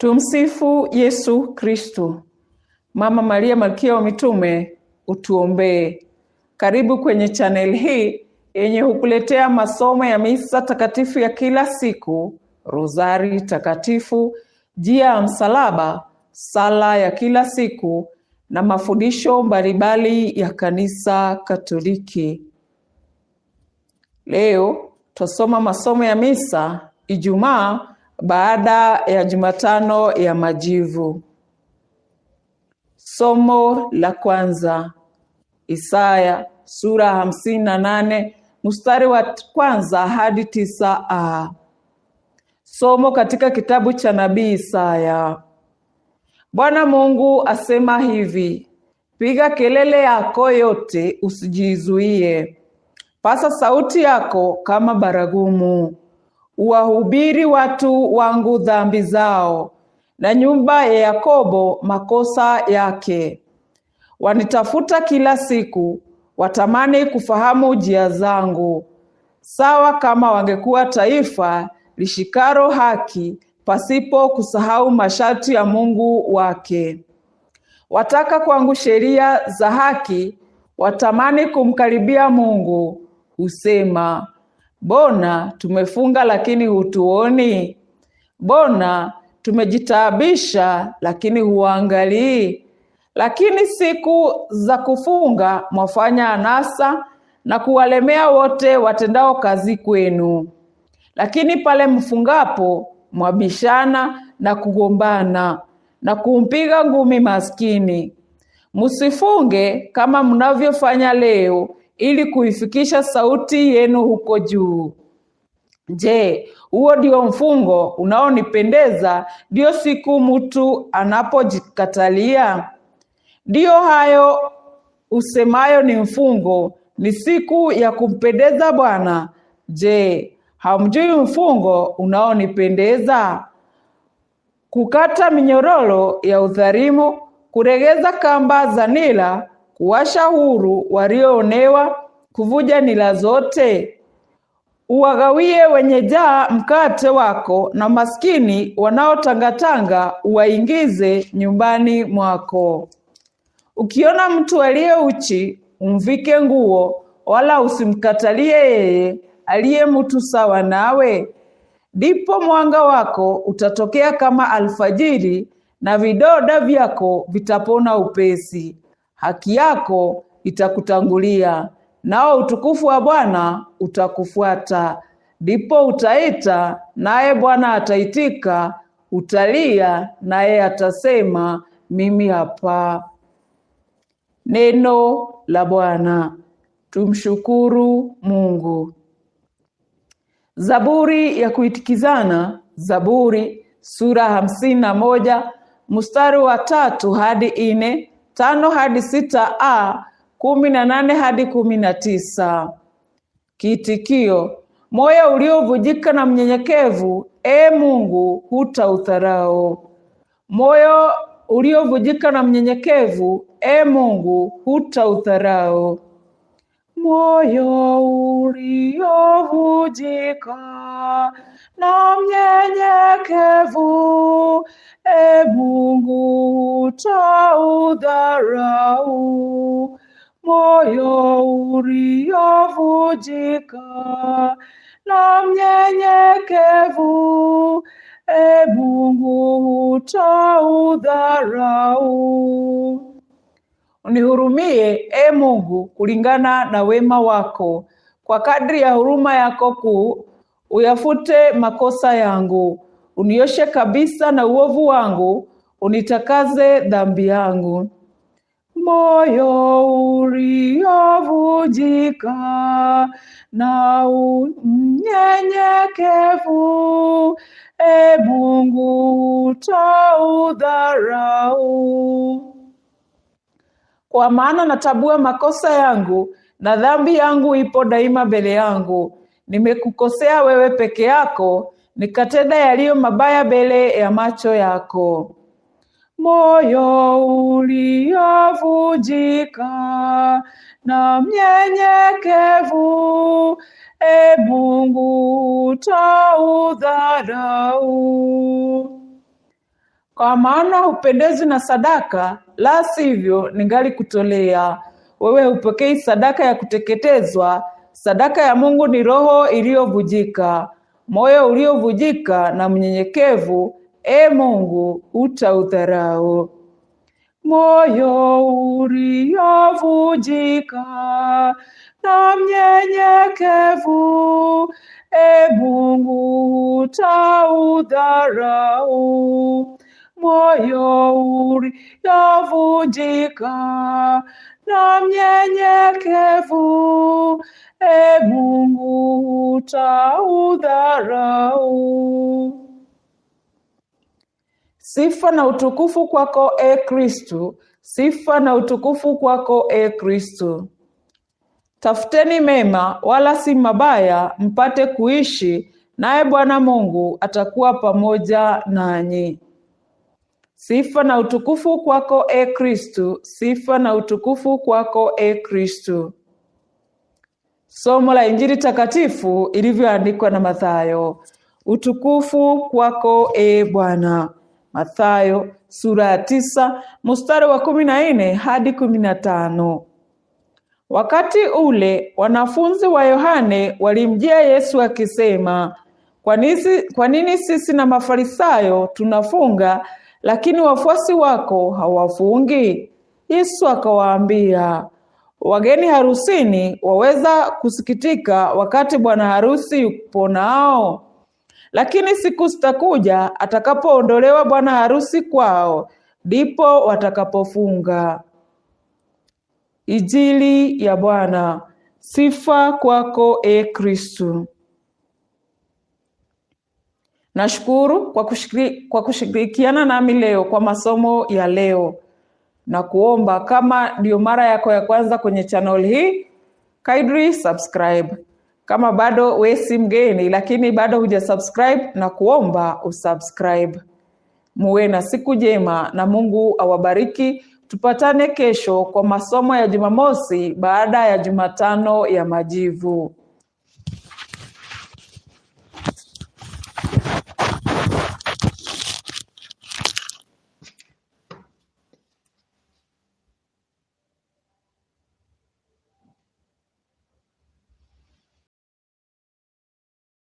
Tumsifu Yesu Kristu. Mama Maria Malkia wa Mitume, utuombee. Karibu kwenye chanel hii yenye hukuletea masomo ya misa takatifu ya kila siku, Rozari Takatifu, Njia ya Msalaba, sala ya kila siku na mafundisho mbalimbali ya Kanisa Katoliki. Leo twasoma masomo ya misa Ijumaa baada ya Jumatano ya Majivu. Somo la kwanza, Isaya sura hamsini na nane mstari wa kwanza hadi tisa a. Somo katika kitabu cha nabii Isaya. Bwana Mungu asema hivi: piga kelele yako yote, usijizuie, pasa sauti yako kama baragumu uwahubiri watu wangu dhambi zao, na nyumba ya Yakobo makosa yake. Wanitafuta kila siku, watamani kufahamu njia zangu, sawa kama wangekuwa taifa lishikaro haki pasipo kusahau masharti ya Mungu wake. Wataka kwangu sheria za haki, watamani kumkaribia Mungu, husema Bona tumefunga lakini hutuoni? Bona tumejitaabisha lakini huangalii? Lakini siku za kufunga mwafanya anasa na kuwalemea wote watendao kazi kwenu. Lakini pale mfungapo mwabishana na kugombana na kumpiga ngumi maskini. Msifunge kama mnavyofanya leo, ili kuifikisha sauti yenu huko juu. Je, huo ndio mfungo unaonipendeza? ndio siku mtu anapojikatalia? ndio hayo usemayo ni mfungo, ni siku ya kumpendeza Bwana. Je, hamjui mfungo unaonipendeza? Kukata minyororo ya udhalimu, kuregeza kamba za nila kuwashahuru walioonewa, kuvuja nila zote, uwagawie wenye jaa mkate wako, na maskini wanaotangatanga uwaingize nyumbani mwako. Ukiona mtu aliye uchi umvike nguo, wala usimkatalie yeye aliye mtu sawa nawe. Ndipo mwanga wako utatokea kama alfajiri, na vidoda vyako vitapona upesi haki yako itakutangulia, nao utukufu wa Bwana utakufuata. Ndipo utaita naye Bwana ataitika, utalia naye atasema mimi hapa. Neno la Bwana. Tumshukuru Mungu. Zaburi ya kuitikizana, Zaburi sura hamsini na moja mstari wa tatu hadi nne tano hadi sita a kumi na nane hadi kumi na tisa. Kiitikio: moyo uliovujika na mnyenyekevu, e Mungu, hutaudharau. Moyo uliovujika na mnyenyekevu, e Mungu, hutaudharau. Moyo uliovujika na mnyenyekevu, e Mungu utaudharau, moyo uliovujika na mnyenyekevu, e Mungu, utaudharau. Unihurumie, e Mungu, kulingana na wema wako, kwa kadri ya huruma yako kuu, uyafute makosa yangu, unioshe kabisa na uovu wangu unitakaze dhambi yangu. Moyo uliovujika na unyenyekevu, e Mungu, utaudharau. Kwa maana natabua makosa yangu na dhambi yangu ipo daima mbele yangu. Nimekukosea wewe peke yako, nikatenda yaliyo mabaya mbele ya macho yako moyo uliovujika na mnyenyekevu, e Mungu utaudharau. Kwa maana upendezi na sadaka, la sivyo kutolea Wewe hupokei sadaka ya kuteketezwa. Sadaka ya Mungu ni roho iliyovujika, moyo uliovujika na mnyenyekevu e Mungu utaudharau. Moyo uliovunjika na mnyenyekevu, e Mungu utaudharau. Moyo uliovunjika na mnyenyekevu, e Mungu utaudharau. Sifa na utukufu kwako e Kristu, sifa na utukufu kwako e Kristu. Tafuteni mema wala si mabaya, mpate kuishi, naye Bwana Mungu atakuwa pamoja nanyi. Sifa na utukufu kwako e Kristu, sifa na utukufu kwako e Kristu. Somo la Injili takatifu ilivyoandikwa na Mathayo. Utukufu kwako e Bwana. Mathayo sura ya tisa mstari wa kumi na nne hadi kumi na tano. Wakati ule wanafunzi wa Yohane walimjia Yesu akisema, kwa nini sisi na Mafarisayo tunafunga lakini wafuasi wako hawafungi? Yesu akawaambia, wageni harusini waweza kusikitika wakati bwana harusi yupo nao lakini siku zitakuja atakapoondolewa bwana harusi kwao, ndipo watakapofunga. ijili ya Bwana. Sifa kwako e Kristu. Nashukuru kwa kwa kushirikiana nami leo kwa masomo ya leo na kuomba kama ndiyo mara yako ya kwanza kwenye channel hii, kaidri subscribe. Kama bado we si mgeni lakini bado hujasubscribe, na kuomba usubscribe. Muwe na siku njema na Mungu awabariki. Tupatane kesho kwa masomo ya Jumamosi baada ya Jumatano ya majivu.